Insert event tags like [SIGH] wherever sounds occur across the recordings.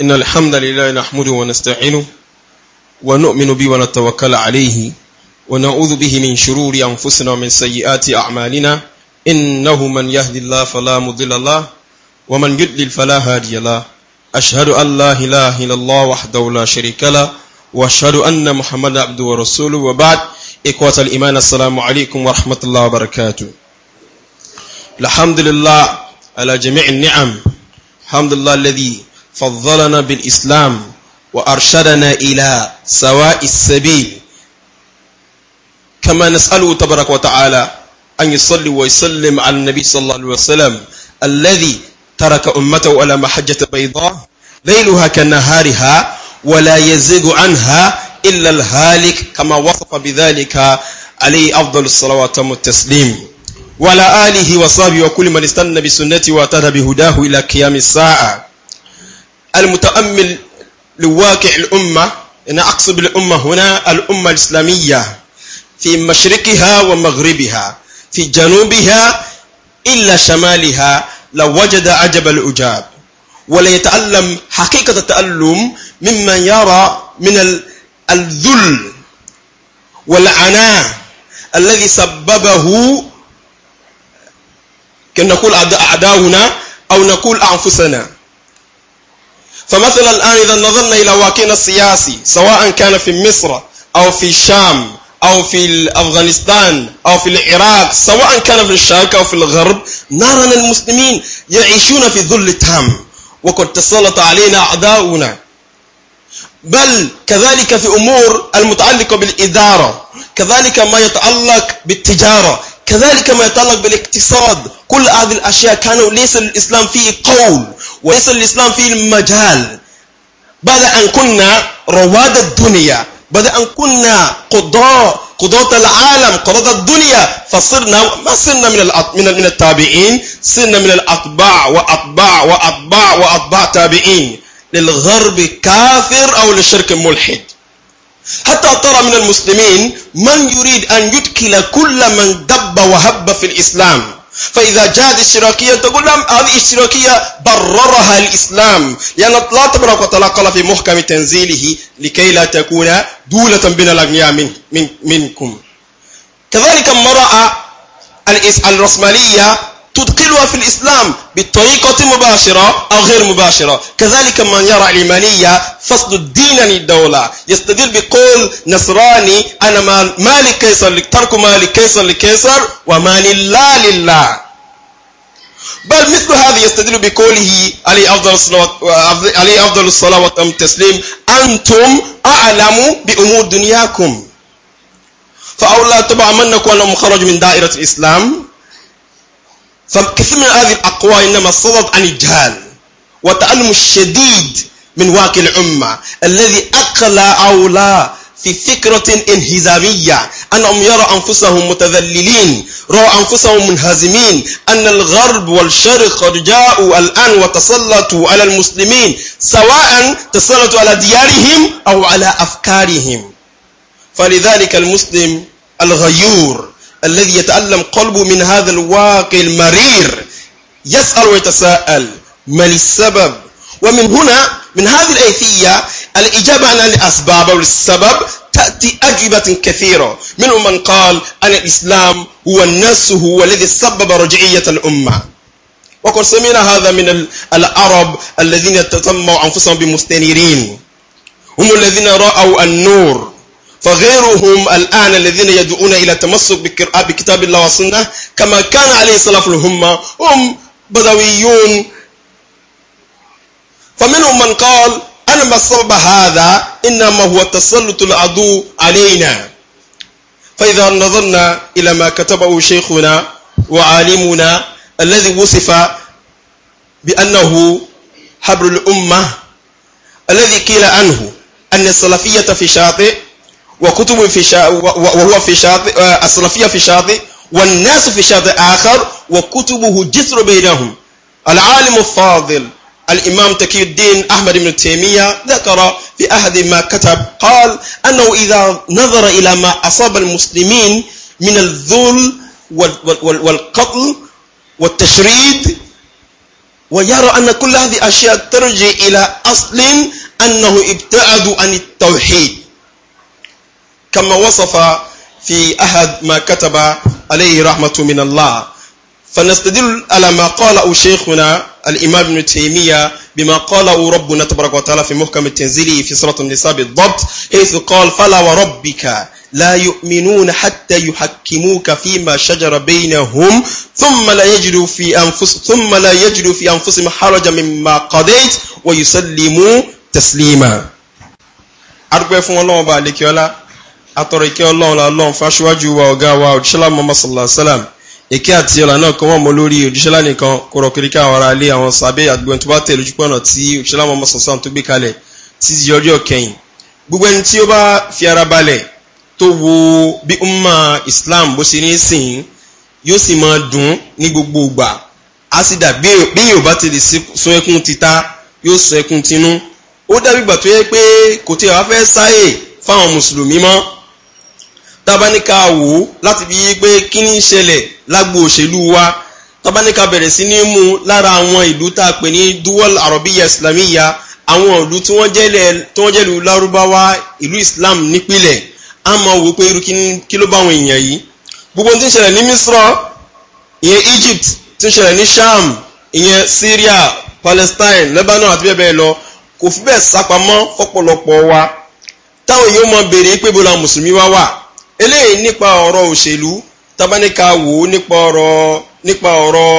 إن الحمد لله نحمده ونستعينه ونؤمن به ونتوكل عليه ونعوذ به من شرور أنفسنا ومن سيئات أعمالنا إنه من يهدي الله فلا مضل له ومن يضلل فلا هادي له أشهد أن لا إله إلا الله وحده لا شريك له وأشهد أن محمدا عبده ورسوله وبعد إخوة الإيمان السلام عليكم ورحمة الله وبركاته الحمد لله على جميع النعم الحمد لله الذي فضلنا بالإسلام وأرشدنا إلى سواء السبيل كما نسأله تبارك وتعالى أن يصلي ويسلم على النبي صلى الله عليه وسلم الذي ترك أمته على محجة بيضاء ليلها كنهارها ولا يزيغ عنها إلا الهالك كما وصف بذلك عليه أفضل الصلوات والتسليم وعلى آله وصحبه وكل من استنى بسنته واعتدى بهداه إلى قيام الساعة المتأمل لواقع الأمة أنا أقصد الأمة هنا الأمة الإسلامية في مشرقها ومغربها في جنوبها إلا شمالها لوجد لو عجب الأجاب وليتألم حقيقة التألم مما يرى من الذل والعناء الذي سببه كنقول أعداؤنا أو نقول أنفسنا فمثلا الآن إذا نظرنا إلى واقعنا السياسي سواء كان في مصر أو في الشام أو في أفغانستان أو في العراق سواء كان في الشرق أو في الغرب نرى أن المسلمين يعيشون في ذل تام وقد تسلط علينا أعداؤنا بل كذلك في أمور المتعلقة بالإدارة كذلك ما يتعلق بالتجارة كذلك ما يتعلق بالاقتصاد كل هذه الأشياء كانوا ليس الإسلام فيه قول وليس الإسلام فيه مجال بعد أن كنا رواد الدنيا بعد أن كنا قضاء قضاة العالم قضاة الدنيا فصرنا ما صرنا من من من التابعين صرنا من الأطباع وأطباع وأطباع وأطباع تابعين للغرب كافر أو للشرك ملحد حتى ترى من المسلمين من يريد أن يتكل كل من دب وهب في الإسلام فإذا جاءت الاشتراكية تقول لهم نعم، هذه الشراكية بررها الإسلام لأن يعني الله تبارك في محكم تنزيله لكي لا تكون دولة بين الأغنياء من من منكم كذلك المرأة الرأسمالية تدخلها في الإسلام بالطريقة مباشرة أو غير مباشرة كذلك من يرى علمانية فصل الدين عن الدولة يستدل بقول نصراني أنا مالي كيصر ترك مالي كيصر لكيصر ومال الله لله بل مثل هذا يستدل بقوله عليه أفضل الصلاة عليه أفضل والتسليم أنتم أعلم بأمور دنياكم فأولا تبع منك وأنهم مخرج من دائرة الإسلام فكثير من هذه الأقوال إنما صدرت عن الجهال وتعلم الشديد من واقع الأمة الذي أقلى أولى في فكرة انهزامية أنهم يروا أنفسهم متذللين رأوا أنفسهم منهزمين أن الغرب والشرق قد جاءوا الآن وتسلطوا على المسلمين سواء تسلطوا على ديارهم أو على أفكارهم فلذلك المسلم الغيور الذي يتألم قلبه من هذا الواقع المرير يسأل ويتساءل ما السبب ومن هنا من هذه الأيثية الإجابة عن الأسباب أو السبب تأتي أجوبة كثيرة منهم من قال أن الإسلام هو الناس هو الذي سبب رجعية الأمة وقد سمعنا هذا من العرب الذين تسموا أنفسهم بمستنيرين هم الذين رأوا النور فغيرهم الآن الذين يدعون إلى التمسك بكتاب الله والسنة كما كان عليه الصلاة الأمة هم بدويون فمنهم من قال أنا ما السبب هذا إنما هو تسلط العدو علينا فإذا نظرنا إلى ما كتبه شيخنا وعالمنا الذي وصف بأنه حبر الأمة الذي قيل عنه أن السلفية في شاطئ وكتب في شا... وهو في شاطئ آه، السلفية في شاطئ والناس في شاطئ آخر وكتبه جسر بينهم العالم الفاضل الإمام تكي الدين أحمد بن تيمية ذكر في أحد ما كتب قال أنه إذا نظر إلى ما أصاب المسلمين من الذل والقتل والتشريد ويرى أن كل هذه الأشياء ترجع إلى أصل أنه ابتعدوا عن التوحيد كما وصف في أحد ما كتب عليه رحمة من الله فنستدل على ما قاله شيخنا الإمام ابن تيمية بما قاله ربنا تبارك وتعالى في محكم التنزيل في سورة النساء بالضبط حيث قال فلا وربك لا يؤمنون حتى يحكموك فيما شجر بينهم ثم لا يجدوا في أنفس ثم لا يجدوا في أنفسهم حرجا مما قضيت ويسلموا تسليما أرجو فون الله atọrọ ìkẹ́ ọlọ́run la ọlọ́run fáṣíwájú wa ọ̀gá wa òjíṣẹ́lá Muhammad sallallahu alaihi wasallam ìkẹ́ àti ọ̀là náà kan wọ́n mọ lórí òjíṣẹ́lá nìkan kọ̀rọ̀ kiri ká àwọn ará ilé àwọn sàbẹ̀ àgbẹ̀wọ̀n tó bá tẹ̀ lójú pọ̀nà tí òjíṣẹ́lá Muhammad tó gbé kalẹ̀ tí ti yọrí ọ̀kẹyìn gbogbo ẹni tí ó bá fi ara balẹ̀ tó wo bí umma Islam bó ṣe ní sìn yóò sì máa dùn ní gbogbo ìgbà á sì dà bí yóò bá ti lè sun ẹkún tita yóò sun ẹkún tinú ó dàbí ìgbà tó yẹ pé kò tí a wá fẹ́ sáyè fáwọn mùsùlùmí mọ́ tábáníkà wò ó láti fi yí pé kí ní ṣẹlẹ̀ lágbo òṣèlú wa tábáníkà bẹ̀rẹ̀ sí ní mú lára àwọn ìlú tá a pè ní duwal arabiya islamiyya àwọn ìlú tí wọ́n jẹ́ lu lárúbáwá ìlú islam nípìnlẹ̀ a máa wò pé irú kí ló bá àwọn èèyàn yìí gbogbo tí ń ṣẹlẹ̀ ní misra ìyẹn egypt tí ń ṣẹlẹ̀ ní sham ìyẹn syria palestine lebanon àti bẹ́ẹ̀ bẹ́ẹ̀ lọ kò fi bẹ́ẹ̀ sápamọ́ fọ́pọ̀lọpọ̀ wa táwọn èèyàn mọ béèrè pé bó la mùsùlùmí wá wà eléyìí nípa ọ̀rọ̀ òṣèlú tabaníka wò ó nípa ọ̀rọ̀ nípa ọ̀rọ̀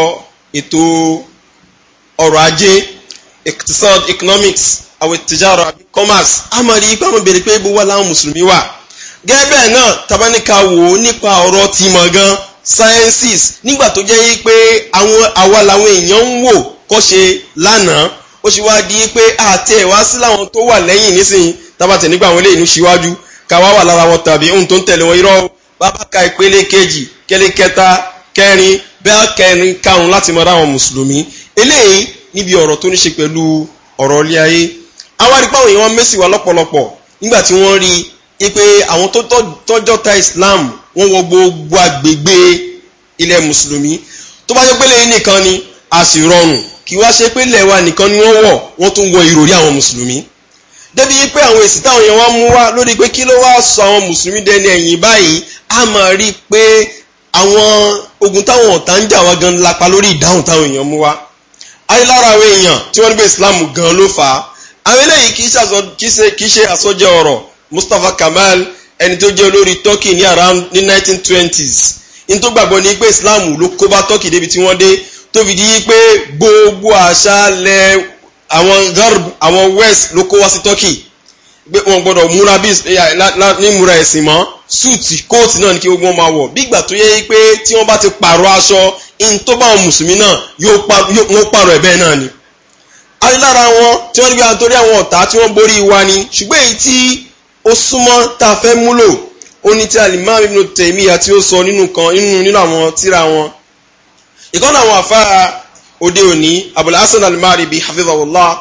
ètò ọ̀rọ̀ ajé iktisad economics àwọn tijara àbí commerce amari ipa mo bèrè pé ibo wà láwọn mùsùlùmí wà gẹ́gẹ́ náà tabaníka wò ó nípa ọ̀rọ̀ tìmọ̀ gan sciences nígbà tó jẹ́ pé àwọn àwa làwọn èèyàn ń wò kọ́ ṣe lánàá ó ṣe wá di pé àti ẹ̀wá sí láwọn tó wà lẹ́yìn nísìnyí tabatẹ̀ nígbà àwọn eléyìí ní ṣíwájú káwá wà lára wọn tàbí ohun tó ń tẹ̀lé wọn irọ́ bàbá ka ìpele kejì kẹlẹ́ kẹta kẹrin bẹ́ẹ̀ kẹrin karùn-ún láti mọ ara àwọn mùsùlùmí eléyìí níbi ọ̀rọ̀ tó ní ṣe pẹ̀lú ọ̀rọ̀ ilé ayé àwọn arípa òyìn wọn mẹ́sì wà lọ́pọ̀lọpọ̀ nígbà tí wọ́n rí i pé àwọn tó tọ́jọ́ ta Islam wọ́n wọ gbogbo agbègbè ilẹ̀ mùsùlùmí tó bá jẹ́ pé lẹ́yìn nìkan ni a sì rọrùn kí wá ṣe pé lẹ́wà nìkan ni wọ́n wọ̀ wọ́n tún wọ ìròrí àwọn mùsùlùmí débi pé àwọn èsì táwọn èèyàn wá mú wá lórí pé kí ló wá sọ àwọn mùsùlùmí dẹni ẹ̀yìn báyìí a máa rí i pé àwọn ogun táwọn ọ̀tá ń jà wá gan lápá lórí ìdáhùn táwọn èèyàn mú wá ayé lára àwọn èèyàn tí wọ́n gbé islam gan ló fà á àwọn eléyìí kì í ṣe àsọjẹ ọ̀rọ̀ mustapha kamal ẹni tó jẹ́ olórí turkey ní around ní 1920s ní tó gbàgbọ́ ní pé islam ló kó bá turkey débi tí wọ́n dé tó fi di pé gbogbo àṣà lẹ́ẹ̀ àwọn garb àwọn west ló kó wá sí turkey pé wọn gbọ́dọ̀ múra bí eh, ní múra ẹ̀sìn mọ́ súùtì kóòtù náà ni kí gbogbo wọn máa wọ̀ bígbà tó yẹ pé tí wọ́n bá ti pààrọ̀ aṣọ in tó bá wọn mùsùlùmí náà yóò pààrọ̀ ẹ̀bẹ́ náà ni. àti lára wọn tí wọ́n níbi àtòrí àwọn ọ̀tá tí wọ́n borí wa ni ṣùgbọ́n èyí tí ó súnmọ́ tá a fẹ́ múlò ó ní tí alimá ibn tèmíyà tí ó sọ nínú kan nínú nínú àwọn tíra wọn. ìkànnì àwọn àfáà òde òní abul hasan al-maribi hafizahullah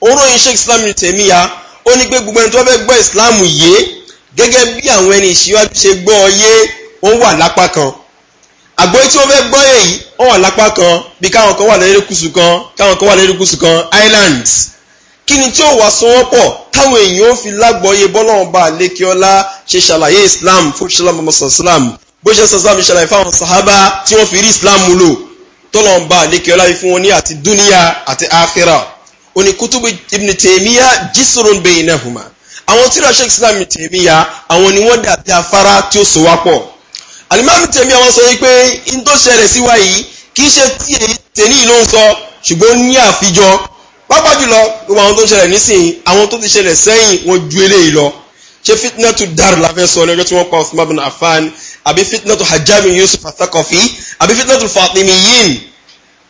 oróyìn sheikh islam ní tèmíya ó ní pé gbogbo ẹni tó fẹ́ gbọ́ islam yé gẹ́gẹ́ bí àwọn ẹni ìṣíwájú ṣe gbọ́ ọ yé ó wà lápá kan àgbóyé tí wọ́n fẹ́ gbọ́ èyí ó wà lápá kan bí káwọn kan wà lórí kan káwọn kan wà lórí kan islands kí ni tí ó wà sanwó pọ̀ táwọn èèyàn ó fi lágbọ́yé bọ́lọ́run bá ṣe ṣàlàyé islam fún ṣàlàmù mọ́sàn islam bó ṣe sọ islam ṣàlàyé fáwọn sàhábà tí wọ́n fi rí islam lò tọ́lọ́n bá àlékè ọlá yìí fún wọn ní àti dúníyà àti àfẹ́rà ó ní kútùbù ibn tèmíyà jísòròn bẹ́yìn náà hùmà àwọn tíra sheikh islam tèmíyà àwọn ni wọ́n dàbí afárá tí ó so wá pọ̀ alimami tèmíyà wọn sọ yìí pé n tó ṣẹlẹ̀ sí wa yìí kì í ṣe tí èyí tèní ló ń sọ ṣùgbọ́n ní àfijọ́ pápá jùlọ gbogbo àwọn tó ṣẹlẹ̀ nísìnyí àwọn tó ti ṣẹlẹ̀ sẹ́yìn wọn ju eléyìí lọ ṣé fitna tu dar la fẹ́ sọ lọ́jọ́ tí wọ́n pa Usman bin Affan àbí fitna tu hajjami Yusuf athakafi àbí fitna tu fatimiyin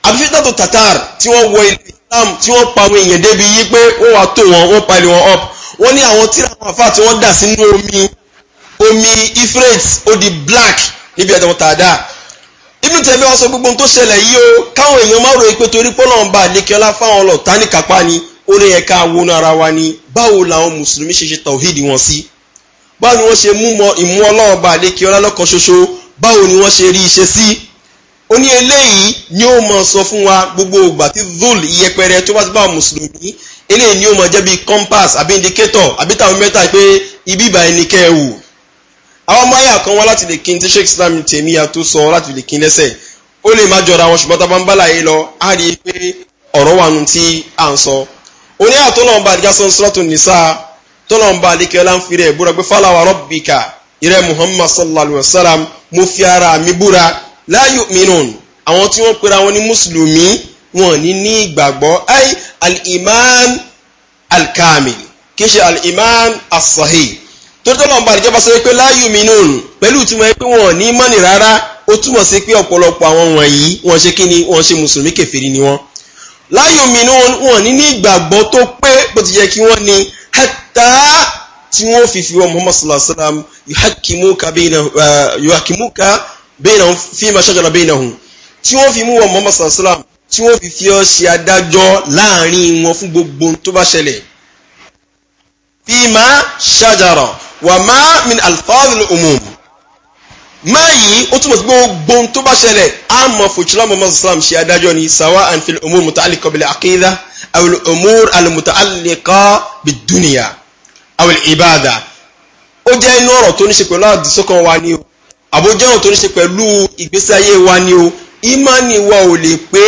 àbí fitna tu tatar tí wọ́n wọ ilé Islam tí wọ́n pa àwọn èèyàn débi yí pé wọ́n wá tó wọn wọ́n pali wọn up wọ́n ní àwọn tíra àwọn afa tí wọ́n dà sínú omi omi ifrate ó black níbi ẹ̀dọ̀ tàdá Ibn Taymiyyah wá sọ gbogbo ohun tó ṣẹlẹ̀ yìí o káwọn èèyàn má ròyìn pé torí pọ́nlọ́ọ̀ba àlékiọlá fáwọn ọlọ́ọ̀tá ní kápá ni ó ní ẹ̀ka àwọn ara wa ni báwo làwọn mùsùlùmí ṣe ṣe tọ̀hídì wọn sí báwo ni wọ́n ṣe mú ìmú ọlọ́run bá lékè ọlá lọ́kan ṣoṣo báwo ni wọ́n ṣe rí iṣẹ́ sí ó ní eléyìí ni ó mọ sọ fún wa gbogbo ògbà tí zul iyẹpẹrẹ tó bá ti bá àwọn mùsùlùmí eléyìí ni ó mọ jẹ́ bíi compass àbí indicator àbí táwọn mẹ́ta pé ibi ìbà ẹni kẹ́ ẹ wò àwọn ọmọ ayé àkànwá láti lè kí tí sheikh islam tèmi àtó sọ láti lè kí n lẹ́sẹ̀ ó lè má jọra wọn ṣùgbọ́n tá a bá ń bá láyé lọ á rí i pé ọ̀rọ̀ wà nù tí à ń sọ oní àtọ́lọ́mba àdìgá sọ sọ́tò nìsá tọ́lọ́mba àdìkẹ́ ọlá ń fi búra pé fáláwà rọ́bìkà ìrẹ́ muhammad sallallahu alayhi wa sallam mo fi ara mi búra la yu'minun àwọn tí wọ́n pera wọn ní mùsùlùmí wọn ní ní ìgbàgbọ́ ay al-iman al-kamil kì í ṣe al-iman as-sahih torí tọ́lọ́mba àdìgá bá pé la yu'minun pẹ̀lú tí wọ́n pé wọn ní mọ́ni rárá ó túmọ̀ sí pé ọ̀pọ̀lọpọ̀ àwọn wọ̀nyí wọ́n ṣe kí ni wọ́n ṣe mùsùlùmí kèfèrí ni wọ́n láyò mi ni wọn ní ní ìgbàgbọ́ tó pé bó ti yẹ kí wọ́n ní hatta tí wọ́n fi fi wọ́n muhammad sallallahu alayhi wa sallam yuhakimuka bainahum uh, fima shajara bainahum tí wọ́n fi mú wọ́n muhammad sallallahu alayhi wa sallam tí wọ́n fi fi ọ́ ṣe adájọ́ láàrin wọn fún gbogbo tó bá ṣẹlẹ̀ fima shajara wa ma min alfadhil umum máa yìí ó túmọ̀ sí pé gbóhun tó bá ṣẹlẹ̀ á sallam ṣe adájọ́ ni sawa and fil umur mutaalliqa bil aqida awil umur al mutaalliqa bid dunya ibada ó jẹ́ inú ọ̀rọ̀ tó ní ṣe pẹ̀lú àdìsọ́kàn wa ni o àbójẹ́ ọ̀rọ̀ tó ní ṣe pẹ̀lú ìgbésí ayé wa ni o imani wa ò lè pé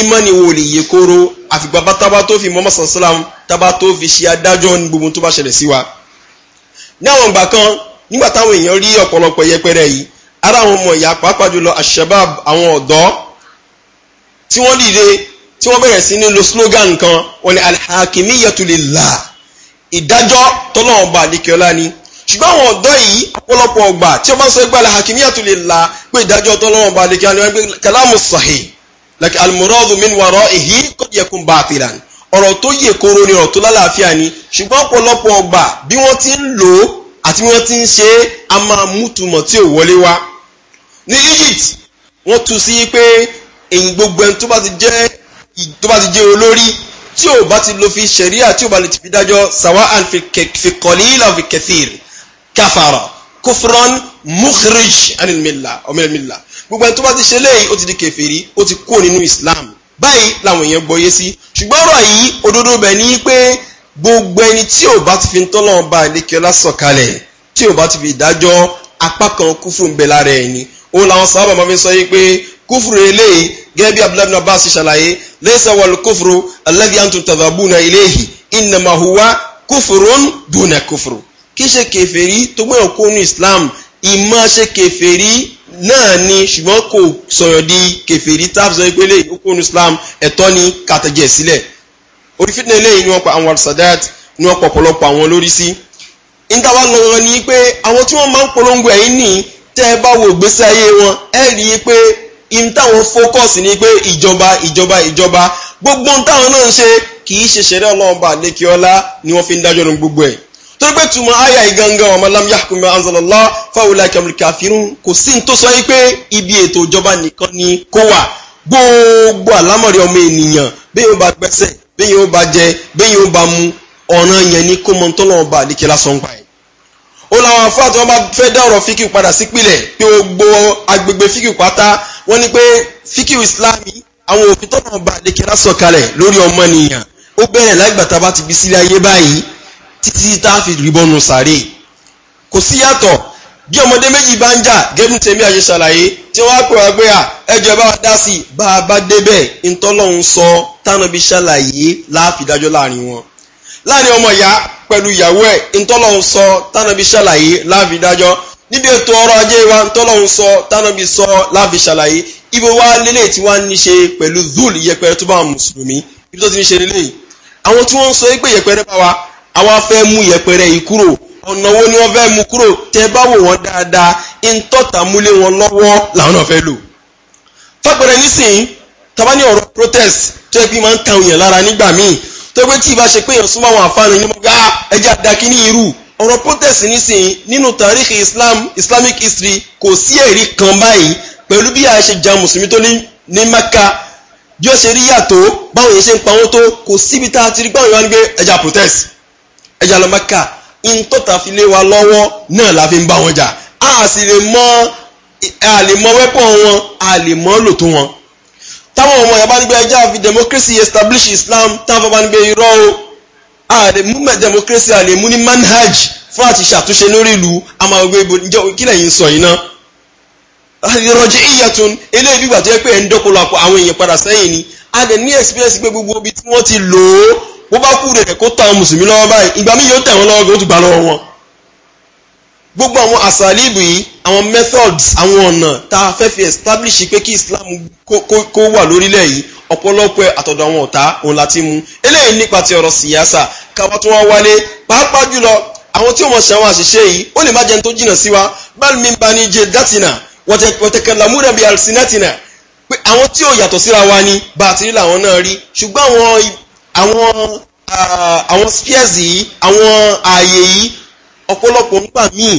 ìmánì wa ò lè yè kóró àfìgbà bá tábà fi muhammad sallam tábà tó fi ṣe adájọ́ ni gbogbo tó bá ṣẹlẹ̀ wa ní àwọn ìgbà kan nígbà táwọn èèyàn rí ọ̀pọ̀lọpọ̀ yẹpẹrẹ yìí ara àwọn ọmọ ìyá pàápàá jùlọ àṣẹbáàb àwọn ọ̀dọ́ tí wọ́n dìde tí wọ́n bẹ̀rẹ̀ sí ní lo slogan kan wọ́n ní alhakimiyatu lillah ìdájọ́ tọ́lọ́wọ́n bá àdékẹ́ọ́lá ni ṣùgbọ́n àwọn ọ̀dọ́ yìí ọ̀pọ̀lọpọ̀ ọgbà tí wọ́n bá ń sọ ẹgbẹ́ alhakimiyatu lillah pé ìdájọ́ tọ́lọ́wọ́n bá àdékẹ́ọ́lá kalamu sahih like almuradu min waraihi qad yakun batilan ọ̀rọ̀ tó yè koro ni ọ̀rọ̀ tó lálàáfíà ni ṣùgbọ́n ọ̀pọ̀lọpọ̀ ọgbà bí wọ́n ti ń lò ó àti wọ́n ti ń ṣe a máa mútumọ̀ tí ò wọlé wá ní Egypt wọ́n tu sí pé èyí gbogbo ẹni tó bá ti jẹ́ tó bá ti jẹ́ olórí tí ò bá ti lo fi ṣẹ̀ríà tí ò bá lè ti fi dájọ́ sawa and fi kọ̀lìlà fi kẹfìrì káfàrà kófúrán mukhrij anilmila ọmọlẹ́mila gbogbo ẹni tó bá ti ṣe léyìí ó ti di kẹfìrí ó ti kúrò nínú Islam báyìí làwọn èèyàn gbọ́yé sí ṣùgbọ́n ọ̀rọ̀ yìí òdodo bẹ̀ ni pé gbogbo ẹni tí ò bá ti fi ń tọ́lọ̀ ọba àdékẹ́lá sọ̀kalẹ̀ tí ò bá ti fi ìdájọ́ apá kan kúfù ń bẹ lára ẹni òun làwọn sábà máa fi sọ yìí pé kúfùrù eléyìí gẹ́gẹ́ bí abdullahi abbas ṣàlàyé lẹ́sẹ̀ wọ̀lú kúfùrù alladhi antum tadhabuna ilayhi innama huwa kúfùrún dùnà kúfùrù kí ṣe kẹfẹ́rí tó gbọ́dọ̀ kó nu islam ìmọ̀ ṣe kẹfẹ́rí náà ni ṣùgbọ́n kò sọ̀rọ̀ di kẹfẹ́rí tá a fi sọ pé lè kó nu islam ẹ̀tọ́ ni kàtẹ́jẹ̀ sílẹ̀ orí fitna eléyìí ni wọ́n pa Anwar Sadat ni wọ́n pọ̀pọ̀lọpọ̀ àwọn lórí sí nítawa gangan ni pé àwọn tí wọ́n máa ń polongo ẹ̀yìn ní tẹ́ ẹ bá wo ìgbésí ayé wọn ẹ rí i pé in táwọn focus ni pé ìjọba ìjọba ìjọba gbogbo ohun táwọn náà ń ṣe kì í ṣe ṣẹ̀rẹ́ ọlọ́ọ̀ba lẹ́kíọ́lá ni wọ́n fi ń dájọ́ nu gbogbo ẹ̀ torí pé tùmọ̀ àyà ìgangan ọmọ lam yahkum anzalallah fáwọlá kẹmìlì kàfírún kò sí ní tó sọ yí pé ibi ètò ìjọba nìkan ni kó wà gbogbo àlámọ̀rí ọmọ ènìyàn bí bá gbẹ́sẹ̀ bẹ́ẹ̀ yóò bá jẹ bẹ́ẹ̀ yóò bá mu ọ̀nà yẹn ní kó mọ tọ́lọ́ ọba àdìkẹ́ lásán pa ẹ̀. ó láwọn afá tí wọ́n bá fẹ́ dá ọ̀rọ̀ fíkìw padà sí pilẹ̀ pé gbogbo agbègbè fíkìw pátá wọ́n ní pé fíkìw islámi àwọn òfin tọ́lọ́ ọba àdìkẹ́ lásán kalẹ̀ lórí ọmọ nìyàn ó bẹ̀rẹ̀ láìgbàtà bá ti bí sílé ayé báyìí títí tá a fi rìbọnù sàré kò síyàtọ̀ bí ọmọdé méjì bá ń jà gẹ́gẹ́ tèmi àṣẹ ṣàlàyé tí wọ́n á pè wá pé à ẹjọ́ bá dá sí i bá a bá débẹ̀ ntọ́lọ́hún sọ tánàbí ṣàlàyé láàfìdájọ́ láàrin wọn láàrin ọmọ ìyá pẹ̀lú ìyàwó ẹ̀ ntọ́lọ́hún sọ tánàbí ṣàlàyé láàfìdájọ́ níbi ètò ọrọ̀ ajé wa ntọ́lọ́hún sọ tánàbí sọ láàfìṣàlàyé ibo wa lélẹ̀ tí wàá ní ṣe pẹ̀lú zul yẹpẹrẹ tó bá mùsùlùmí ibi tó ti ní ṣe lélẹ̀ àwọn tí wọ́n ń ọ̀nà wo ni wọ́n fẹ́ mú kúrò tẹ́ bá wò wọ́n dáadáa ń tọ́ta múlé wọn lọ́wọ́ làwọn náà fẹ́ lò. fàgbẹ̀rẹ̀ nísìnyí tọ́ba ní ọ̀rọ̀ protest tó yẹ pé máa ń ta òyìn lára nígbà míì tó pé tí ìbá ṣe pé èèyàn súnmọ́ àwọn àfáàní ní mọ́gá ah, ẹjẹ́ àdákí ní irú ọ̀rọ̀ protest nísìnyí nínú tàríkì Islam Islamic history kò sí ẹ̀rí kan báyìí pẹ̀lú bí a ṣe ja mùsùlùmí tó ní Mẹ́kà bí ó ṣe rí yàtọ̀ báwọn yẹn ṣe ń pa wọn tó kò síbi tá a ti rí báwọn yẹn wá ní pé ẹja protest ẹja lọ Mẹ́kà ntọ́ta fi lé wa lọ́wọ́ náà la fi ń bá wọn jà a sì lè mọ a lè mọ wẹ́pọ̀ wọn a lè mọ lòtó wọn. táwọn ọmọ yàrá nígbà ẹjẹ́ àfi democracy establish islam táwọn bá nígbà irọ́ o a lè mú democracy a lè mú ní manhaj fún àti ṣàtúnṣe lórí ìlú a máa gbé ibo ǹjẹ́ kí lẹ́yìn sọ yìí náà. ìrọ̀jẹ̀ ìyàtún eléyìí bí ìgbà yẹ pé ẹ̀ ń dọ́kọlọ àwọn èèyàn padà sẹ́yìn ni a lè ní experience pé gbogbo ibi tí wọ́n ti lò ó bó bá kú rẹ̀ kó tàn mùsùlùmí lọ́wọ́ báyìí ìgbà míì yóò tẹ̀ wọ́n lọ́wọ́ gan ó ti gbà lọ́wọ́ wọn gbogbo àwọn àsàlíbù yìí àwọn methods àwọn ọ̀nà tá a fẹ́ fi establish pé kí islam kó wà lórílẹ̀ yìí ọ̀pọ̀lọpọ̀ àtọ̀dọ̀ àwọn ọ̀tá òun la ti mú eléyìí nípa ti ọ̀rọ̀ síyáṣà káwá tó wá wálé pàápàá jùlọ àwọn tí ó mọ̀ àṣìṣe yìí ó lè má jẹun tó jìnnà sí wa bal min bani jildatina wọ̀tẹ̀kẹ̀lámúrẹ̀ bíi alsinatina pé àwọn tí ó yàtọ̀ síra wa ni bá a ti rí làwọn náà rí ṣùgbọ́n àwọn àwọn ah, àwọn spears yìí àwọn ààyè yìí ọ̀pọ̀lọpọ̀ nígbà míì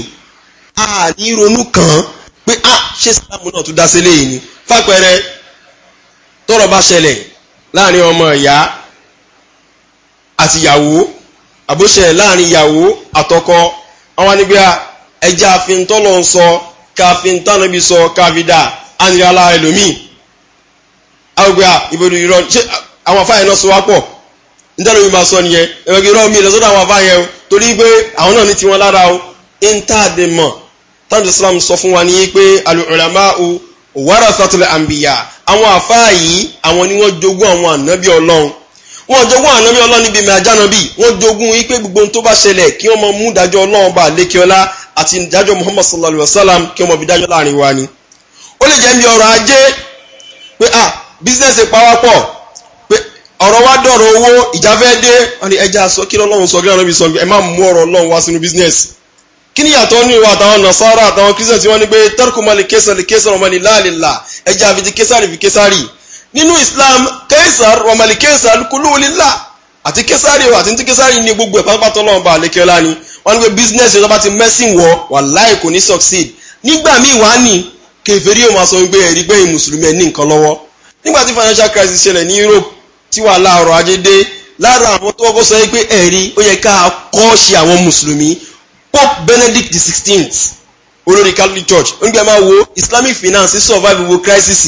a ní ronú kàn pé a ah, ṣé sàlámù náà tún dáṣe léyìí ni fàpẹẹrẹ tọ́rọ̀ bá ṣẹlẹ̀ láàrin ọmọ ìyá àti ìyàwó àbóṣẹ láàrin ìyàwó àtọkọ àwọn níbi ah, ẹja àfintọ́lọ̀ ń sọ káfíń tánàbí sọ káfíńdà ánìyàlá ẹlòmíì àwọn ìgbà ìrọ̀ ṣé àwọn afáyẹ̀ náà sọ wá pọ̀ nítẹ́lómi máa sọ nìyẹn ẹ̀wẹ̀gì irọ́ mi ìlọsọ́dọ̀ àwọn afá yẹn o torí pé àwọn náà ní tiwọn lára o intaade mọ̀ táwọn islam sọ fún wa nìyí pé alùrànlámà o wàrà sátúlẹ̀ àǹbìyà àwọn afá yìí àwọn ni wọ́n jogún àwọn ànábì ọlọ́run wọ́n jogún ànábì ọlọ́run níbi mẹ́àjánàbì wọ́n jogún yìí pé gbogbo tó bá ṣẹlẹ̀ kí wọ́n mọ mú dájọ́ ọlọ́run bá muhammad sallallahu sallam kí wọ́n mọ̀ fi dájọ́ láàrin wa ni ó ọ̀rọ̀ wa dọ̀rọ̀ owó ìjà fẹ́ dé wọ́n ní ẹja sọ kí lọ́lọ́run sọ gíláàrọ̀ mi sọ ẹ má mú ọ̀rọ̀ ọlọ́run wá sínú business kí ni yàtọ̀ ní ìwà àtàwọn nasara àtàwọn christian tí wọ́n ní pé tẹ́rùkùmọ́ lè késàn lè késàn ọmọ nílá àlèlà ẹja àfi ti késàrì fi késàrì nínú islam késàr ọmọ lè késàn kúlú nílá àti késàrì àti ní késàrì ní gbogbo ẹ̀ pápá tọ́lọ́run bá àlékẹ́ ọlá ni wọ́n ní pé business ìjọba ti mẹ́sìn wọ wàláì kò ní succeed nígbà míì wá ní kèfèrí ò máa sọ wípé ẹ̀rí gbẹ̀yìn mùsùlùmí ẹ̀ ní nǹkan lọ́wọ́ nígbà tí financial crisis ṣẹlẹ̀ ní Europe tí wàhálà ọrọ̀ ajé dé lára àwọn tó kọ́kọ́ sọ yìí pé ẹ̀rí ó yẹ ká kọ́ ṣe àwọn mùsùlùmí Pope Benedict the sixteenth olórí Catholic Church onígbà máa wo Islamic finance survive gbogbo crisis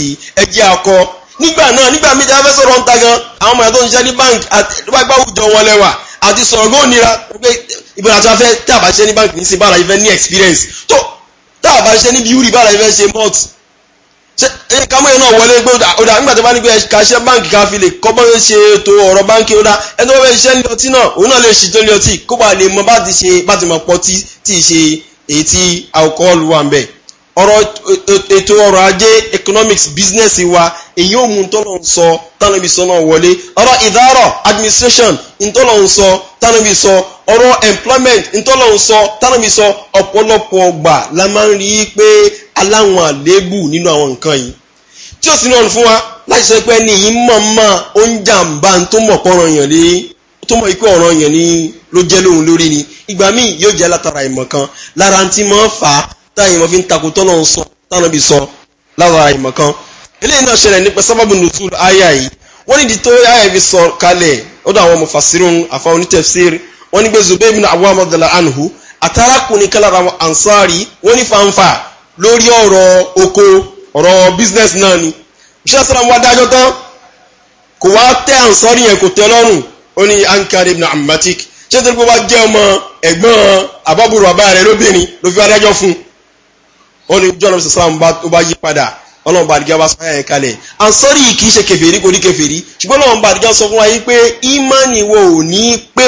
ẹjẹ́ akọ nígbà náà nígbà méjì afẹ́ sọ̀rọ̀ ń ta gan àwọn ọmọ yàtọ̀ ń ṣiṣẹ́ ní bank àgbà òjò wọn lẹ́wà àti sọ̀rọ̀ gbọ́ nira pé ìbọn àti afẹ́ tí a ní bank ní sin bára ìfẹ́ ní experience tó tá a bá ṣiṣẹ́ níbi yúrì bára ìfẹ́ ṣe mọ́ọ̀tì ṣe ẹyẹ kámọ́ yẹn náà wọlé gbé da nígbà tó bá ní pé ká ṣe báǹkì ká fi lè kọ́bọ́n ṣe ètò ọ̀rọ̀ báǹkì ọ̀dà ẹni tó bá fẹ́ ṣiṣẹ́ ní ọtí náà òun náà lè ṣètò ní ọtí kó bá lè mọ bá ti ṣe bá ti mọ̀ pọ̀ tí ì ṣe èyí tí alcohol wà ń bẹ̀ ọ̀rọ̀ ètò ọrọ̀ ajé economics business wa èyí ò mú ntọ́lọ̀ ń sọ tánàbí sọ náà wọlé ọ̀rọ̀ ìdárọ̀ administration ntọ́lọ̀ ń sọ tánàbí sọ ọ̀rọ̀ employment ntọ́lọ̀ ń sọ tánàbí sọ ọ̀pọ̀lọpọ̀ ọgbà la máa ń rí i pé aláwọn àléébù nínú àwọn nǹkan yìí tí ó sì rọrùn fún wa láti sọ pé ní yìí mọ̀ mọ́ ó ń tó mọ̀ pọ̀rọ̀ yàn lé tó mọ̀ ikú ọ̀rọ̀ yàn ní ló jẹ́ lóhun lórí ni ìgbà míì yóò jẹ́ látara ìmọ̀ táyìn mọ́ fi ń takò tọ́nà ń sọ tánà bí sọ lára ìmọ̀ kan eléyìí náà ṣẹlẹ̀ nípa sábàbù nùtù àyà yìí wọ́n nídìí tó àyà fi sọ kalẹ̀ ọ̀dọ̀ àwọn mufasirun àfàwọn onítẹ̀fsir wọ́n ní pé Zubayr bin Awwam radiyallahu anhu àtàràkùnrin kan lára àwọn ansari wọ́n ní fanfa lórí ọ̀rọ̀ oko ọ̀rọ̀ business náà ni iṣẹ́ sọ́ra wá dájọ́ tán kò wá tẹ́ ansari yẹn kò tẹ́ lọ́rùn ó ní ankara ibn amatik ṣé tó ń pẹ́ wá jẹ́ ọmọ ẹ̀gbọ́n àbábùrò bàbá rẹ̀ lóbìnrin ló fi wá fún un ó ní jọ́nà bí sàlám bá yí padà ọlọ́run bá àdìgá bá sọ ayẹyẹ kalẹ̀ ansọ́rì yìí kì í ṣe kẹfẹ́rí kò ní kẹfẹ́rí ṣùgbọ́n ọlọ́run bá àdìgá sọ fún wa yìí pé ìmánì wo ò ní pé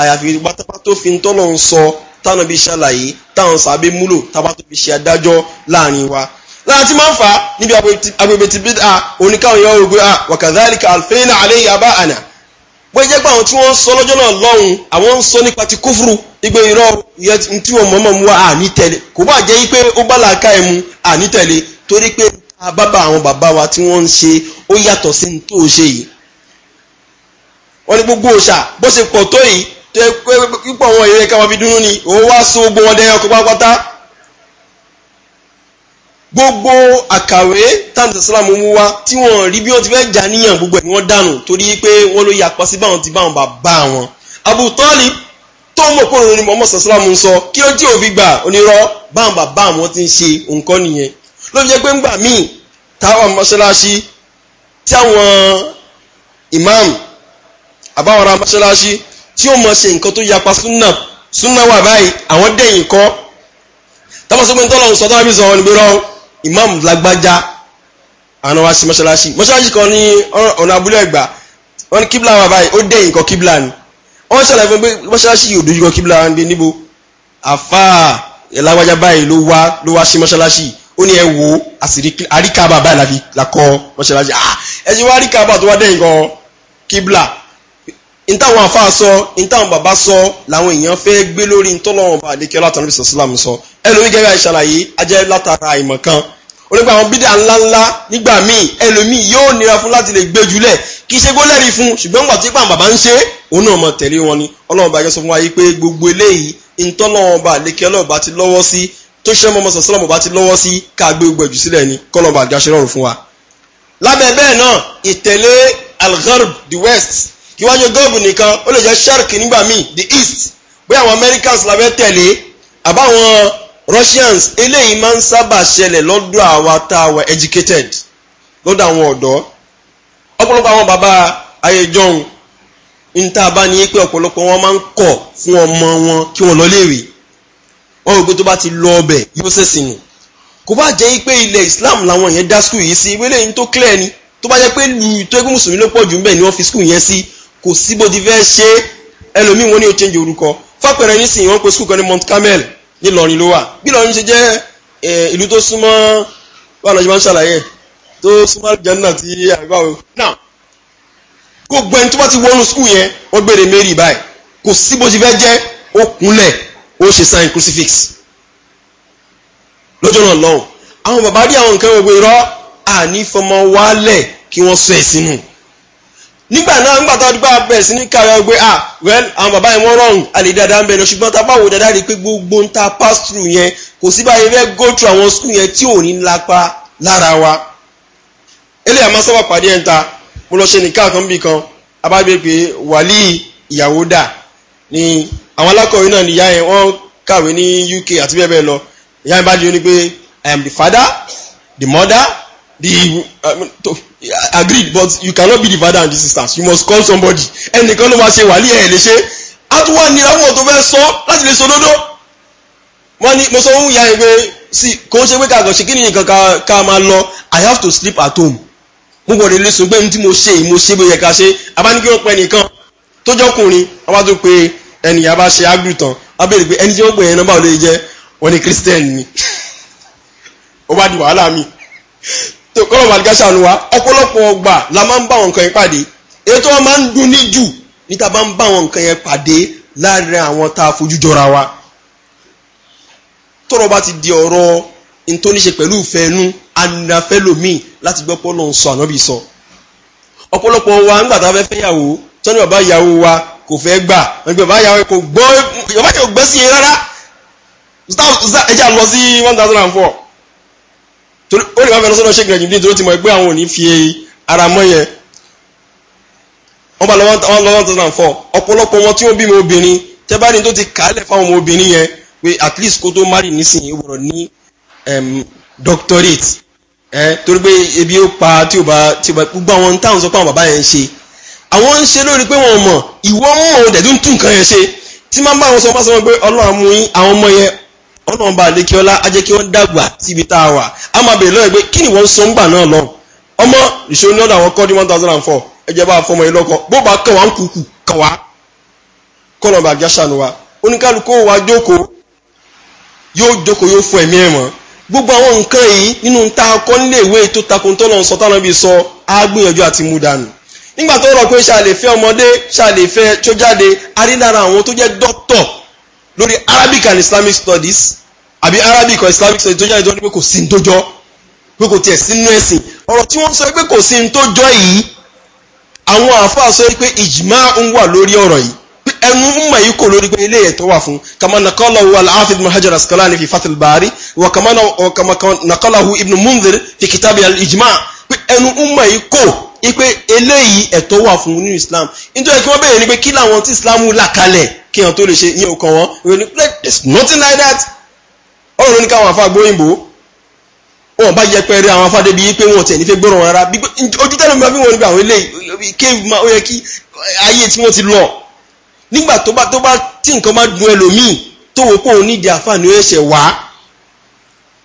àyàfi pátápátá tó fi ń tọ́lọ̀ ń sọ táwọn bí ṣàlàyé táwọn sàbẹ̀ múlò tábà tó fi ṣe adájọ́ láàrin wa lára máa ń fà níbi agbègbè ti bí a yọ ògbé a wàkàdálíkà àlfẹ́ẹ́nà àlẹ́yìn abá àná bó jẹ́ pé àwọn tí wọ́n ń sọ lọ́jọ́ náà lọ́hùn àwọn ń sọ nípa ti kúfúrú igbe irọ́ ìyẹn tí wọ́n mọ̀ọ́mọ̀ mú wa àní tẹ̀lé kò bá jẹ́ wípé ó bá làákà ẹ̀ mu àní tẹ̀lé torí pé bàbá àwọn bàbá wa tí wọ́n ń ṣe ó yàtọ̀ sí ní tó ṣe yìí wọ́n ní gbogbo òòṣà bó ṣe pọ̀ tó yìí tó pé pípọ̀ wọn ìrẹ́ká wọn fi dúró ni òun wá so gbogbo wọn dẹ́yẹ ọkọ̀ pátápátá gbogbo àkàwé táwọn ìsìlámù mú wá tí wọ́n rí bí wọ́n ti fẹ́ jà níyàn gbogbo ẹ̀ ni wọ́n dànù torí pé wọ́n ló yapa sí báwọn ti báwọn bàbá wọn Abu Talib tó mọ̀ pé òun ni mọ̀mọ́ sàsílámù ń sọ kí ó tí ò fi gbà onírọ́ báwọn bàbá wọn ti ń ṣe nǹkan nìyẹn ló fi jẹ́ pé ńgbà míì táwọn mọ́ṣáláṣí tí àwọn imam àbáwọn ará mọ́ṣáláṣí tí ó mọ̀ ṣe nǹkan tó yapa súnà súnà wà báyìí àwọn dẹ̀yìn kọ́ tọ́mọ̀sọ́gbẹ́ntọ́lọ́run sọ sọ ọ́ nígbèrọ́ imam lágbájá àwọn wá sí mọ́ṣáláṣí mọ́ṣáláṣí kan ní ọ̀nà abúlé ẹ̀gbá wọ́n ní kíbla wà báyìí ó dé nǹkan kíbla ni wọ́n ṣàlàyé fún pé mọ́ṣáláṣí yìí ò dojú kọ kíbla wọn bí níbo àfáà lágbájá báyìí ló wá ló wá sí mọ́ṣáláṣí ó ní ẹ wo àríkàbà báyìí làkọ mọ́ṣáláṣí ah, ẹ ti wá àríkàbà tó wá dé nǹkan kíbla ìtàwọn àfáà sọ ìtàwọn bàbá sọ làwọn èèyàn fẹ́ gbé lórí ìtọ́lọ́wọ̀n bá àdékẹ́ látàrí sàsílámù sọ ẹlòmí gẹ́gẹ́ àìṣàlàyé ajẹ́ látara àìmọ̀ kan onígbà àwọn bídà ńláńlá nígbà míì ẹlòmí yóò nira fún láti lè gbé jùlẹ̀ kì í ṣe gbó lẹ́rìí fún ṣùgbọ́n gbà pàm bàbá ń ṣe òun náà mọ̀ tẹ̀lé wọn ni ọlọ́run bá jẹ́ sọ fún wa yìí pé gbogbo eléyìí ìtọ́lọ́wọ̀n bá àdékẹ́ ọlọ́run bá ti lọ́wọ́ sí tó ṣe mọ́mọ́ sàsílámù bá ti lọ́wọ́ sí kíwájú gọ́ọ̀bù nìkan ó lè jẹ́ shark nígbà míì the east bóyá àwọn americans la fẹ́ tẹ̀lé àbáwọn russians eléyìí máa ń sábà ṣẹlẹ̀ lọ́dọ̀ àwa tá a wà educated lọ́dọ̀ àwọn ọ̀dọ́ ọ̀pọ̀lọpọ̀ àwọn bàbá ayéjọ́hun ń tá a bá ní pé ọ̀pọ̀lọpọ̀ wọn máa ń kọ̀ fún ọmọ wọn kí wọ́n lọ léèrè wọ́n rò pé tó bá ti lọ ọbẹ̀ yóò ṣẹ̀sìn nù kò bá jẹ́ pé ilẹ̀ islam làwọn yẹn dá skul yìí sí ìwé lẹ́yìn tó clear ni tó bá jẹ́ pé lù tó ẹgbẹ́ mùsùlùmí ló pọ̀ jù ń bẹ̀ ni wọ́n fi skul yẹn sí kò sí bó ti fẹ́ ṣe ẹlòmíì wọn ni ó change orúkọ fápẹ̀rẹ̀ yín sìn wọ́n pe school kan ní Mount Carmel ní Ìlọrin ló wà bí Ìlọrin ṣe jẹ́ ìlú tó súnmọ́ wà lọ́jọ́ máa ń ṣàlàyé tó súnmọ́ àlùjànnà tí àgbà o. now gbogbo ẹni tó bá ti wọnú school yẹn wọ́n gbére Mary báyìí kò sí bó ti fẹ́ jẹ́ ó kúnlẹ̀ ó ṣe sign crucifix lọ́jọ́ náà lọ́hùn àwọn bàbá rí àwọn nǹkan gbogbo irọ́ àní fọmọ wálẹ̀ kí wọ́n sọ ẹ̀ sínú nígbà náà nígbà tó dúpẹ́ abẹ́rẹ́ sí ní kàwé ọgbẹ́ ah well àwọn bàbá yẹn wọ́n rọrùn àlè dáadáa ń bẹ̀rẹ̀ ṣùgbọ́n tá bá wò dáadáa rí pé gbogbo ń ta pass through yẹn kò sí báyìí fẹ́ go through àwọn school yẹn tí ò ní lápá lára wa. eléyà máa sábà pàdé ẹ̀ ń ta mo lọ ṣe nìkan kan bì kan abágbé pé wàlí ìyàwó dà ni àwọn alákọ̀wé náà ni ìyá yẹn wọ́n kàwé ní uk àti bẹ́ẹ̀ bẹ́ẹ̀ lọ ìyá yẹn bá di ó pé i am the father the mother the um, to, agreed but you cannot be the father and the sisters you must call somebody ẹnìkan ló máa ṣe wàlí ẹ̀ lè ṣe á tún wà ní ìràwọ̀ tó fẹ́ sọ láti lè sọdọ́dọ́ wọ́n ní mo sọ fún ìyá yẹn pé sí kò ń ṣe pé kàgàn ṣe kí nìyẹn kan ká máa lọ i have to sleep at home mo gbọ́dọ̀ lè sùn pé ní tí mo ṣe mo ṣe bó yẹ ká ṣe abánikí wọn pẹ nìkan tó jọkùnrin wọn bá tún pé ẹnìyàn bá ṣe agri tán wọn béèrè pé ẹni tí wọn pè yẹn nọ́mbà ò lè jẹ wọn ni christian ni [LAUGHS] ó bá di wàhálà mi tó kọ́lọ̀ màdìgáṣà nu wa ọ̀pọ̀lọpọ̀ ọgbà la máa ń bá àwọn nǹkan yẹn pàdé èyí tó máa ń dùn ní jù níta bá ń bá àwọn nǹkan yẹn pàdé láàrin àwọn tá a fojú jọra wa tọ́rọ̀ bá ti di ọ̀rọ̀ n tó ní ṣe pẹ̀lú ìfẹ́nu anafẹ́lòmíì láti gbọ́ pọ́nà ń sọ ànábì sọ ọ̀pọ̀lọpọ̀ wa ń gbàtà fẹ́ fẹ́yàwó tọ́ni bàbá ìyàwó wa kò fẹ́ gbà wọ́n gbé bàbá ìyàwó kò gbọ́ bàbá ìyàwó gbẹ́ sí i rárá ẹja lọ sí one thousand and four torí ó lè wá fẹ́ràn sọ́dọ̀ ṣe gẹ̀rẹ̀ jìbìlì tó ti mọ̀ ẹgbẹ́ àwọn òní fi ara mọ́ yẹn wọ́n bá lọ́wọ́ one thousand and four ọ̀pọ̀lọpọ̀ wọn tí wọ́n bímọ obìnrin tẹ́ bá ní tó ti kàálẹ̀ fáwọn ọmọ obìnrin yẹn pé at least kó tó marry nísìnyí ó wọ̀rọ̀ ní doctorate ẹ torí pé ebi ó pa tí ó bá tí ó bá gbogbo àwọn táwọn sọ pé àwọn bàbá yẹn ń ṣe àwọn ń ṣe lórí pé wọn mọ̀ ìwọ mọ̀ ọ́ dẹ̀ tó ń tún nǹkan yẹn ṣe tí máa ń bá àwọn sọ máa sọ wọn pé ọlọ́run mú yín àwọn ọmọ yẹn ọ̀nà ọba adékíọ́lá ajẹ́ kí wọ́n dàgbà síbi tá a wà á máa bèèrè lọ́wọ́ pé kí ni wọ́n sọ ń gbà náà lọ ọmọ ìṣòro ní ọ̀dọ̀ àwọn kọ́ ní one thousand and four ẹ̀jẹ̀ bá fọmọ yìí lọ́kọ bó bá kàn wá ń kàn wá wa oníkálukú wa jókòó yóò jókòó yóò fún gbogbo àwọn nǹkan yìí nínú ta kọ́ nílé ìwé tó takuntọ́ nígbà tó rọ pé ọmọdé tó jáde a rí lórí Arabic and Islamic studies àbí Arabic or Islamic studies tó jáde tó ní pé kò sí ní tó jọ pé kò tiẹ̀ sínú ẹ̀sìn ọ̀rọ̀ tí wọ́n sọ pé kò sí ní tó jọ yìí àwọn àáfàá sọ pé ìjìmá ń wà lórí ọ̀rọ̀ yìí pé ẹnu ń mọ̀ yìí kò lórí pé ilé ẹ̀tọ́ wà fún kama nakalahu al-hafid ibn hajar asqalani fi fatil bari wa kama nakalahu ibn munzir fi kitabi al-ijma pé ẹnu ń mọ̀ yìí kò ipe eléyìí ẹ̀tọ́ wà fún nínú islam nítorí kí wọ́n bẹ̀rẹ̀ ni pé kí làwọn tí islam là kalẹ̀ kí hàn tó lè ṣe ìyẹn ò kàn wọ́n wọ́n ní there's nothing like that ọ̀rọ̀ ní káwọn afá gbóyìnbó wọn bá yẹpẹrẹ àwọn afá débi yí pé wọn tẹ̀ nífẹ̀ẹ́ gbọ́rọ̀ rárá ojú tẹ́lẹ̀ mi bá fi wọn níbi àwọn eléyìí kéwì máa ó yẹ kí ayé tí wọ́n ti lọ nígbà tó bá tó bá tí nǹkan bá dùn ẹlòmíì tó wò pé òun nídìí àfà ní ẹsẹ̀ wá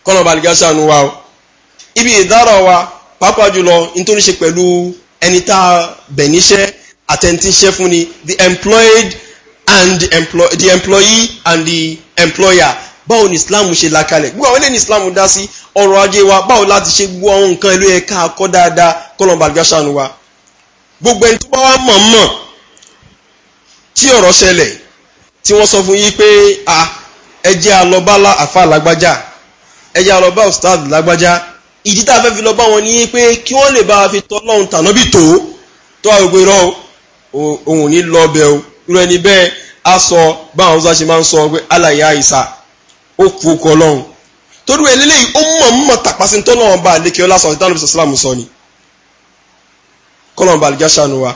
kọ́nà balùwẹ̀ sànù wa o ibi ìdára wa pàápàá jùlọ nítorí ṣe pẹ̀lú ẹni tá a bẹ̀ níṣẹ́ àtẹ̀ntíṣẹ́ fún ni the employed and the, employ the employee and the employer báwo ni islam ṣe là kalẹ̀ gbogbo àwọn eléyìí islam dá sí ọrọ̀ ajé wa báwo láti ṣe gbogbo àwọn nǹkan ìlú ẹ̀ka akọ́ dáadáa kọ́lọ̀mbà àdìgbàṣánu wa gbogbo ẹni tó bá wá mọ̀ mọ̀ tí ọ̀rọ̀ ṣẹlẹ̀ tí wọ́n sọ fún yín pé a ẹ jẹ́ alọ́bá àfa lágbájá ẹ jẹ́ alọ́bá ustaz lágbájá ìdí tá a fẹ́ fi lọ bá wọn ní pé kí wọ́n lè bá a fi tọ́ lọ́hùn tànábì tó tó àgbèrò òun ò ní lọ bẹ́ẹ̀ irú ẹni bẹ́ẹ̀ á sọ báwọn haúsá ṣe máa ń sọ pé aláyé àìsà ó kú okò ọlọ́run torí ẹ lélẹ́yìí ó mọ̀ mọ̀ tàpasí tó náà bá lékè ọlá sọ ìtàn olùsọ sílámù sọ ni kọ́lọ́n bá àlùjá ṣàánú wa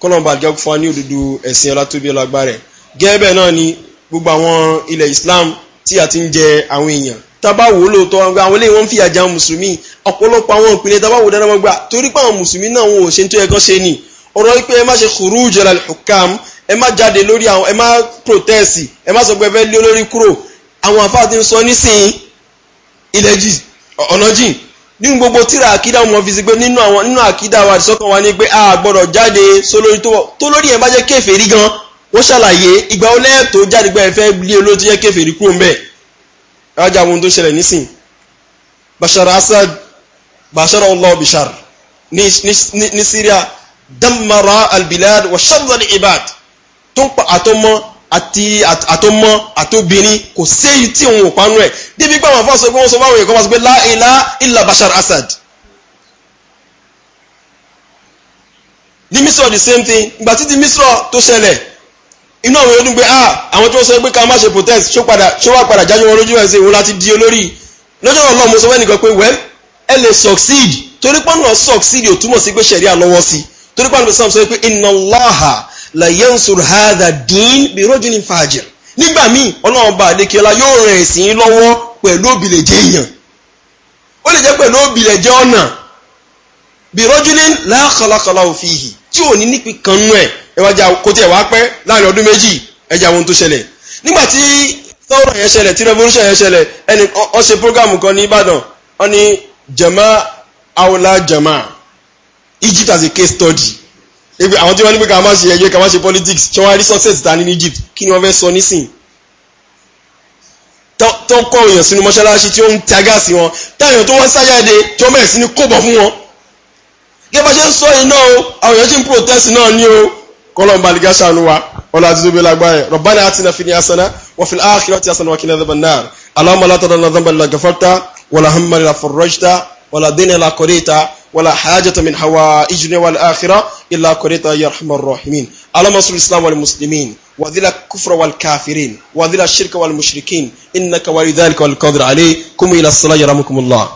kọ́lọ́n bá àlùjá fún wa ní òdodo ẹ̀sìn ọlá tóbi ọlá agbára ẹ̀ gẹ́gẹ́ náà ni gbogbo àwọn ilẹ̀ Islam tí a ti ń jẹ àwọn èèyàn tábà wò ó lóòótọ́ àwọn eléyìí wọ́n ń fìyà jẹ àwọn mùsùlùmí ọ̀pọ̀lọpọ̀ àwọn ìpínlẹ̀ tábà wò dáadáa gbà torí pé àwọn mùsùlùmí náà wọn ò ṣe tó yẹ ṣe ni ọ̀rọ̀ wípé ẹ má ṣe khuruj al-hukam ẹ má jáde lórí àwọn ẹ má protest ẹ má sọ pé ẹ fẹ́ lé olórí kúrò àwọn àfáà ti ń sọ nísìnyí ilẹ̀ jì ọ̀nà jìn nínú gbogbo tíra àkídá wọn fi si pé nínú àwọn nínú àkídá wa àdìsọ́kàn wa ni pé a gbọ́dọ̀ jáde sólórí tó wọ̀ tó lórí yẹn bá jẹ́ kéfèrí gan wọ́n ṣàlàyé ìgbà ó lẹ́ẹ̀tọ́ jáde pé ẹ fẹ́ lé olórí tó jẹ́ kéfèrí kúrò ńbẹ̀ rájà ohun tó ṣẹlẹ̀ nísìn bashar Assad, bashar allah bishar ní syria damara albilad wa sharza al ibad tó ń pa àtọmọ àti àtọmọ àtobìnrin kò séyìí tí òun ò panu ẹ̀ débi pé àwọn afọ́sọ pé wọ́n sọ fáwọn èèyàn kan wá sọ pé láìlá ilà Bashar Assad ní misrọ the same thing ìgbà tí ti misrọ tó ṣẹlẹ̀ inú àwọn ọdún pé ah àwọn tó sọ pé ká má ṣe protest ṣó padà ṣó wà padà jáde wọn lójú ẹ̀ sí ìwọ láti di olórí lọ́jọ́ náà mo sọ fẹ́ nìkan pé well ẹ lè succeed torí pọ́nù náà succeed ò túmọ̀ sí pé ṣẹ̀rí àlọ́wọ́ sí torí pọ́nù náà sọ pé inna Allaha la yansur hadha din bi rojulin fajir nígbà míì ọlọ́run bá adékẹ́lá yóò ràn ẹ̀sìn lọ́wọ́ pẹ̀lú òbílẹ̀jẹ́ èèyàn ó lè jẹ́ pẹ̀lú òbílẹ̀jẹ́ ọ̀nà bi rojulin la khalaqalahu fihi tí ò ní nípi kan nú ẹ̀ ẹwàjà kò tí ẹ̀ wá pẹ́ láàrin ọdún méjì ẹjà ohun tó ṣẹlẹ̀ nígbà tí tọ́rọ̀ yẹn ṣẹlẹ̀ tí revolution yẹn ṣẹlẹ̀ ẹni wọ́n ṣe program kan ní Ìbàdàn wọ́n ní jama aula jama Egypt as a case study ebi àwọn tí wọ́n ní pé ká má ṣe ẹyẹ ká má ṣe politics tí wọ́n rí success ta ní Egypt kí ni wọ́n fẹ́ sọ nísìn tó kọ́ èèyàn sínú mọ́ṣáláṣí tí ó ń ta gáàsì wọn táyàn tó wọ́n sáyáde tí wọ́n bẹ̀rẹ̀ sí ní kóbọ̀ fún wọn gẹ́gẹ́ bá ṣe ń sọ iná o àwọn èèyàn sì ń protest náà ní o kọ́lọ́n balùwẹ̀ ṣàánú wa ọlọ́ àti tóbi lágbára ẹ̀ Rabbana atina asana. dunya hasana wa fil akhirati hasana wa qina adhaban nar Allahumma la tadana ولا دين لا قريتا ولا حاجة من حوائجنا والآخرة إلا قريتا يرحم الراحمين على مصر الإسلام والمسلمين وذل الكفر والكافرين وذل الشرك والمشركين إنك ولذلك والقدر عليه قم إلى الصلاة يرحمكم الله